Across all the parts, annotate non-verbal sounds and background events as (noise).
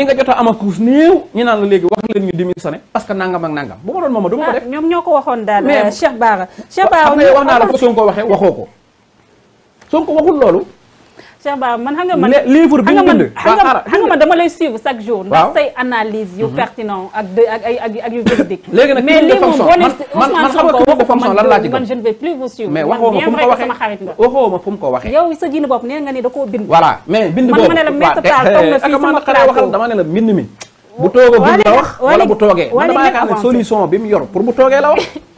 ñi nga jot a am kuus néew ñu naan la léegi wax leen ñu démissionné parce que nangam ak nangam bu ma doon mooma du ma ko def ah, ñoom ñoo ko waxoon daal Cheikh a Cheikh Bara wax naa la ko Sonko waxee waxoo ko Sonko waxul loolu Cheikh Ba man xam man ah, dama lay suivre chaque jour ndax say analyse yu mhm. pertinent ak yu véridique (laughs) léegi nag mais livre ne Ousmane Sonko waxu ko man man je ne plus vous suivre mais waxoo ma ma fu mu ko waxee bopp nee nga ni da bind voilà mais bind boobu ma ne la maître eh, eh, la mbind mi wala bu toogee man dama yaakaar ne solution yor pour bu toogee la wax (laughs)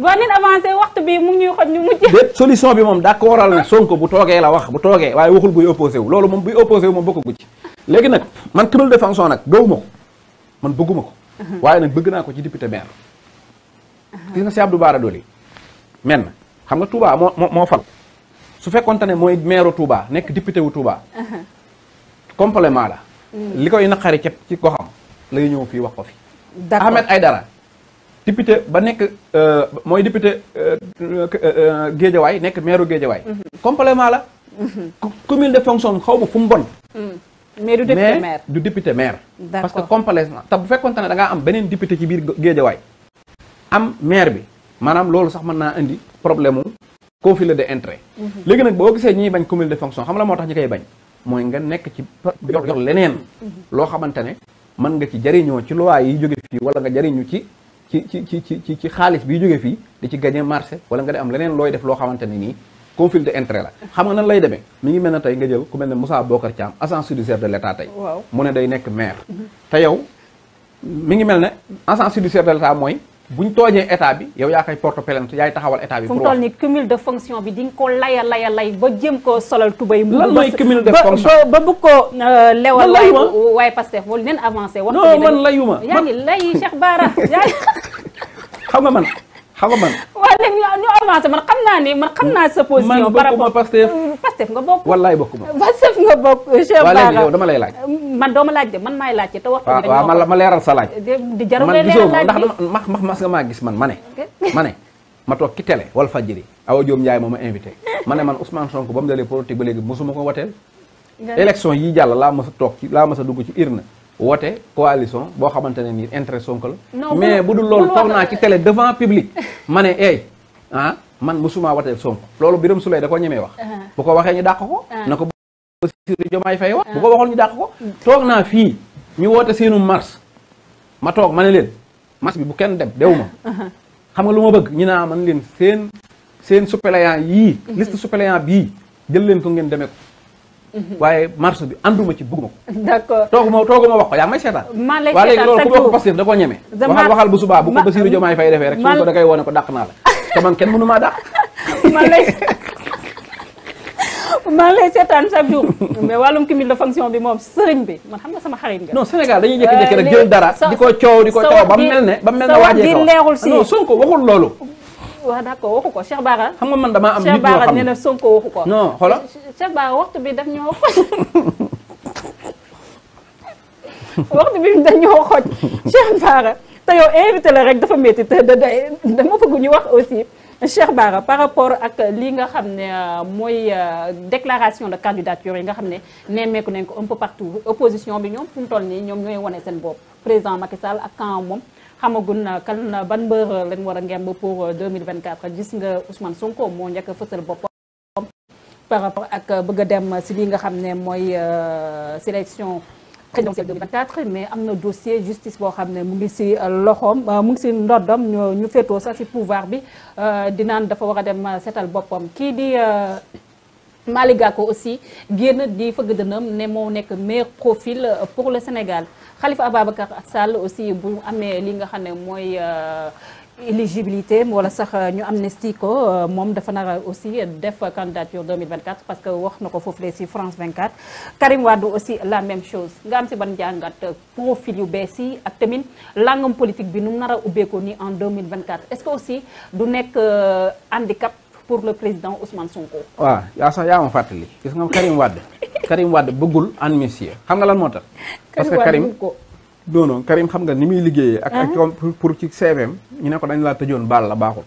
boo nit avancé waxtu bi mu ngi ñuy xoj ñu mujj. déet solution bi moom d'accordal na Sonko bu toogee la wax bu toogee waaye waxul buy opposé wu loolu moom buy opposé wu moom bokkagu ci. léegi nag man cumul de fonction nag gawuma ko man bëgguma ko. Uh-huh. waaye nag bëgg naa ko ci député maire. Uh-huh. gis nga si Abdou Bara Dolly. men xam nga Touba moo moo moo fal su fekkonte ne mooy maire Touba nekk député wu Touba. Uh-huh. complément la. Mm. li koy naqari ca ci goxam lay ñëw fii wax ko fi. d'accord Ahmed Aïdara député ba nekk euh, mooy député euh, euh, Géejawaay nekk maire Géejawaay. Mhm. complément la. Mhm. cumul de fonction xaw ma fu mu bon. Mhm. mais du député maire du parce que complément te bu fekkoon ne da ngaa am beneen député ci biir Géejawaay. am maire bi maanaam loolu sax mën naa indi problème mu conflit de intérêt. léegi nag boo gisee ñi bañ cumul de fonction xam la moo tax ñu koy bañ. mooy nga nekk ci yor leneen. loo xamante ne mën nga ci jariñoo ci loi yi jóge fii wala ci ci ci ci ci xaalis bi jógee fii di ci gagné marché wala nga di am leneen looy def loo xamante ne nii conflit d'intérêt la xam nga nan lay demee mi ngi mel ne tey nga jël ku mel ne Moussa Bocar Thiam agent judiciaire de l'État tey mu ne day nekk maire mhm. te yow mi ngi mel ne agent judiciaire de l'État mooy bu ñu toojee état bi yow yaa koy porte plainte yaay taxawal état bi. pour fu mu toll nii de fonction bi di nga ko laya laya lay ba jëm koo solal tubay. mu lan ba ba bëgg koo. Euh, lewal waay waay Pastef wala neen avancé. waxtu bi non man layuma yaa ngi lay Cheikh Bara yaa ngi. (laughs) xam nga man xam nga man. waaw léegi ñu avancé man xam naa ne man xam naa sa position. ma rapport man bokkuma Pastef. Mm, Pastef nga bokk. bokkuma. Pastef dama lay laaj. man doo ma laaj de man maay laaj te wax. waaw waaw ma ma leeral sa laaj. di jarul ngay leeral laaj man gisoo ma ndax ma gis man ma ne. (laughs) ma ne ma toog ki télé wal fajiri Awa Diom Ndiaye moom ma invité ma ne man Ousmane Sonko ba mu dalee politique ba léegi mosuma ko wateel. élection yi jàll laa mas a toog laa mas a dugg ci urne woote coalition boo xamante ne nii intérêt Sonko la mais bu dul loolu toog naa ci télé devant public (laughs) ma ne eey ah man musuma wateel Sonko loolu biram Souleye da ko ñemee wax uh-huh. bu ko waxee ñu dàq ko uh-huh. na ko Bassirou Diomaye Faye wax bu uh-huh. ko waxoon ñu dàq ko mm. toog naa fii ñu woote seenu mars ma toog ma ne leen mars bi bu kenn dem dew ma xam nga lu ma bëgg ñu naa ah, man leen seen seen suppléant yii liste suppléant bii jël leen ko ngeen demee ko Mm-hmm. waaye marche bi ànduma ci bëgguma ko. d'accord tooguma tooguma wax ko yaa ngi may seetaan. maa lay seetaan léegi loolu ku bokk ko Pastef da koo ñeme. waxal waxal bu subaa bu ko Bassirou Diomaye Faye defee rek. ko da wone ko dàq naa la (laughs) te kenn mënu maa dàq. maa lay (laughs) maa seetaan chaque jour (laughs) mais wàllum cumul de fonction bi moom sëriñ bi man xam nga sama xarit nga. non Sénégal dañuy jékki-jékki rek euh, jël dara. di ko coow di ko coow ba mu mel ne. ba mu mel ne waajee kaw ah non Sonko waxul loolu wax na ko waxu ko Cheikh Bara. xam nga man damaa am nit ñoo xam Cheikh Bara nee na Sonko ko. non xoolal waxtu bi daf ñoo xoj. (laughs) waxtu bi te yow rek dafa métti te da ñu wax aussi. Cheikh Bara par rapport ak li nga xam ne euh, mooy euh, déclaration de candidature yi nga xam ne nemmeeku nañ ko un peu partout opposition bi ñoom fu mu toll nii ñoom ñooy wane seen bopp président Macky Sall a camp moom. xamagun kan ban mbër lañ war a ngemb pour 2024 euh, gis nga Ousmane Sonko moo njëkk a boppam par ak euh, bëgg a dem si li nga xam ne mooy euh, sélection présidentielle 2024 mais am na dossier justice boo xam ne mu ngi si loxoom mu ngi si ndoddom ñu féetoo sax si pouvoir bi di naan dafa war a dem seetal boppam kii di Malick Gakou aussi génn di fëgg dënam ne moo nekk meilleur profil euh, pour le Sénégal Khalifa Ababacar Sall aussi bu amee li nga xam ne mooy euh, éligibilité wala sax euh, ñu amnistie ko moom dafa nar aussi def candidature 2024 parce que wax na ko foofulee si France 24 Karim Wade aussi la même chose nga am si ban jàngat profil yu bees yi ak tamit langam politique bi nu mu nar a ubbeekoo nii en 2024 est-ce que aussi du nekk handicap pour le président Ousmane Sonko. waaw yaa sax yaa ma fàttali gis nga Karim Wade Karim Wade bëggul amnistie xam nga lan moo tax. (laughs) parce que Karim non non Karim xam nga ni muy liggéeyee. ak ah. pour ci CVM ñu ne ko dañ laa tëjoon baal la baaxul.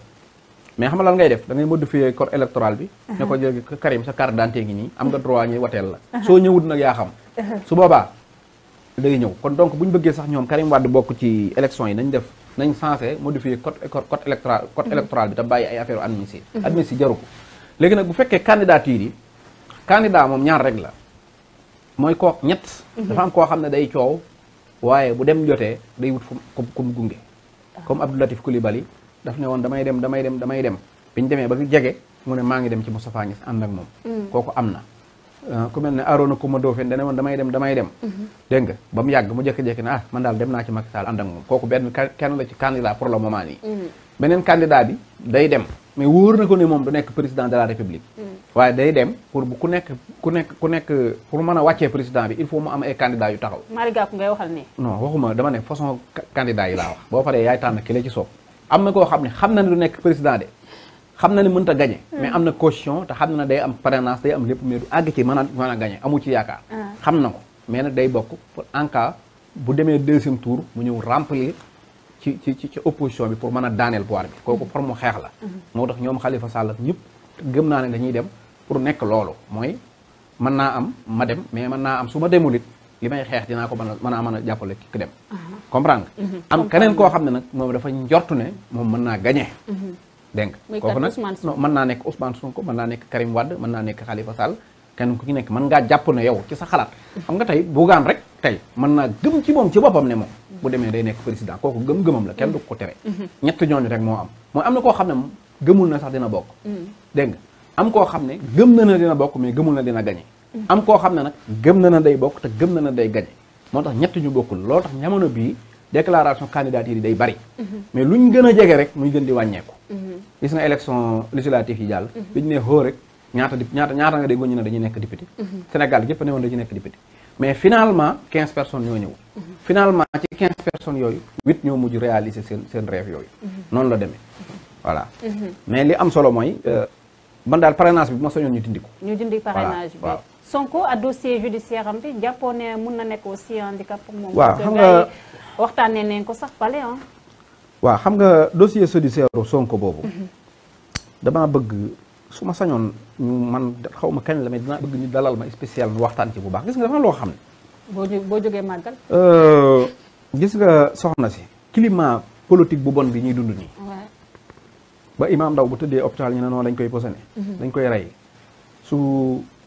mais xam nga ngay def da ngay modifier corps électoral bi. Ah. ne ko jël Karim sa carte d'identité gi nii am nga droit ñuy wateel la. Ah. soo ñëwut nag yaa xam. su boobaa day ñëw kon donc bu ñu bëggee sax ñoom Karim Wade bokk ci élection yi nañ def. nañ censé modifier code code électoral code électoral bi te bàyyi ay affaire mhm. admissible admissible jaru ko léegi nag bu fekkee candidature yi candidat moom ñaar rek la mooy koo ñett mhm. dafa am koo xam ne day coow waaye bu dem jotee day wut fu ku gunge comme Abdou Latif Coulibaly daf ne woon damay dem damay dem damay dem biñ demee ba jege mu ne maa ngi dem ci Moustapha Niass ànd ak moom mm. kooku am na Euh, ku mel ne Arona Coumba Ndoffène dana woon damay dem damay dem mhm. dégg nga ba mu yàgg mu jékki-jékki na ah man daal dem naa ci Macky Sall ànd ak moom kooku benn kenn la ci candidat pour le moment nii mhm. dem mais wóor na ko ne moom du nekk président de la république mhm. waaye day dem pour ku nekk ku nekk ku nekk pour mën a wàccee président bi il faut mu am ay candidats yu taxaw Malick Gakou ngay waxal ne non waxuma dama ne façon candidat yi laa wax boo paree yaay tànn ki la ci soob am na koo xam ne xam na ne du nekk président de xam na ne mënut a gagné. Hmm. mais am na caution te xam na ne day am parrainage day am lépp mais du àgg ci mën a mën a gagné amu ci yaakaar. Ah. xam na ko mais nag day bokk pour en bu demee deuxième tour mu ñëw remplir ci ci ci opposition bi pour mën a daaneel pouvoir bi kooku pour hmm. mu xeex la. Hmm. moo tax ñoom Khalifa Sall ñëpp gëm naa ne dañuy dem pour nekk loolu mooy mën naa am ma dem mais mën naa am su ma demul it li may xeex dinaa ko mën mën a mën a jàppale ki dem. Ah. comprendre mhm. keneen koo xam ne nag moom dafa njortu ne moom mën naa gagné. Mhm. dégg nga kooku nag mën naa nekk Ousmane Sonko mën naa nekk Karim Wade mën naa nekk Khalifa Sall kenn ku ci nekk mën ngaa jàpp ne yow ci sa xalaat xam nga tey bugaan rek tey mën naa gëm ci moom ci boppam ne moom bu demee day nekk président kooku gëm-gëmam la kenn du ko tere mhm. ñett ñooñu rek moo am mooy am na koo xam ne gëmul na sax dina bokk mhm. dégg nga am koo xam ne gëm na na dina bokk mais gëmul na dina gañe mhm. am koo xam ne nag gëm na na day bokk te gëm na na day gañe moo tax ñett ñu bokkul loolu tax jamono bii déclaration candidature yi day bari. Mhm. mais luñ gën a jege rek muy gën di wàññeeku. Mhm. gis na élection législative yi jàll. dañu mhm. ne xoo rek ñaata ñaata nga déggoon ñu ne dañuy nekk député. Sénégal gépp ne woon dañuy nekk député mais finalement 15 personnes ñoo ñëw. finalement ci 15 personnes yooyu 8 ñoo mujj réaliser seen seen yooyu. noonu la demee voilà. mais li am solo mooy euh, man daal parrainage bi ma soñoon ñu dindi ñu dindi parrainage bi Sonko waxtaanee nañ ko sax pale ah. waaw xam nga dossier judiciaire Sonko boobu. damaa bëgg su ma sañoon ñu man xaw ma kañ la mais dinaa bëgg ñu dalal ma spécial ñu waxtaan ci bu baax gis nga dafa loo xam ne. boo boo jógee màggal. Euh, gis nga soxna si climat politique bu bon bi ñuy dund nii. ba Imaam Ndaw bu tëddee hôpital ñu ne noonu dañ koy posone mhm. dañ koy rey su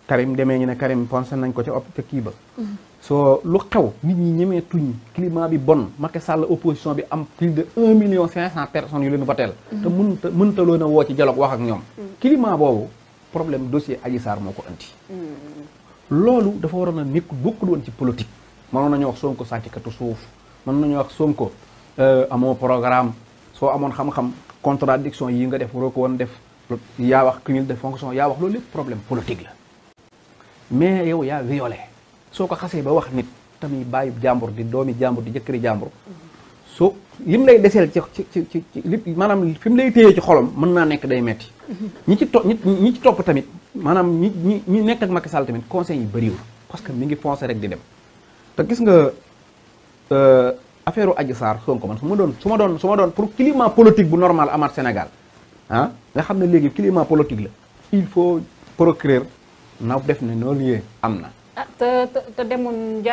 Karim demee ñu ne Karim ponse nañ ko ca op ca kii ba. Mm-hmm. soo lu xew nit ñi ñemee tuñ climat bi bon Macky Sall opposition bi am plus de un million cinq cent personnes yu leen voteel mm-hmm. te mënta mënta loon a woo ci dialogue wax ak ñoom. Mm-hmm. climat boobu problème dossier Adji Sarr moo ko andi. loolu dafa waroon a nekk bokkul woon ci politique. mënoon nañu wax Sonko katu suuf mënoon nañu wax ko euh, amoo programme soo amoon xam-xam contradiction yi nga def waroo ko woon de fonction yaa wax loolu lépp problème politique la. mais yow yaa violé soo ko xasee ba wax nit tamit bàyyi jàmbur di doomi jàmbur di jëkkëri jàmbur so lim lay deseel ci ci ci ci li maanaam fi mu lay téyee ci xolam mën naa nekk day metti ñi ci to ñi topp tamit maanaam ñi ñi ñi nekk ak Macky Sall tamit conseil yi bëriwul parce que mi ngi foncé rek di dem te gis nga euh, affaire u Adji Sarr Sonko man su ma doon su ma doon su doon pour climat politique bu normal amaat Sénégal ah nga xam ne léegi climat politique la il faut procureur na def ne non lieu am na. ah te te demoon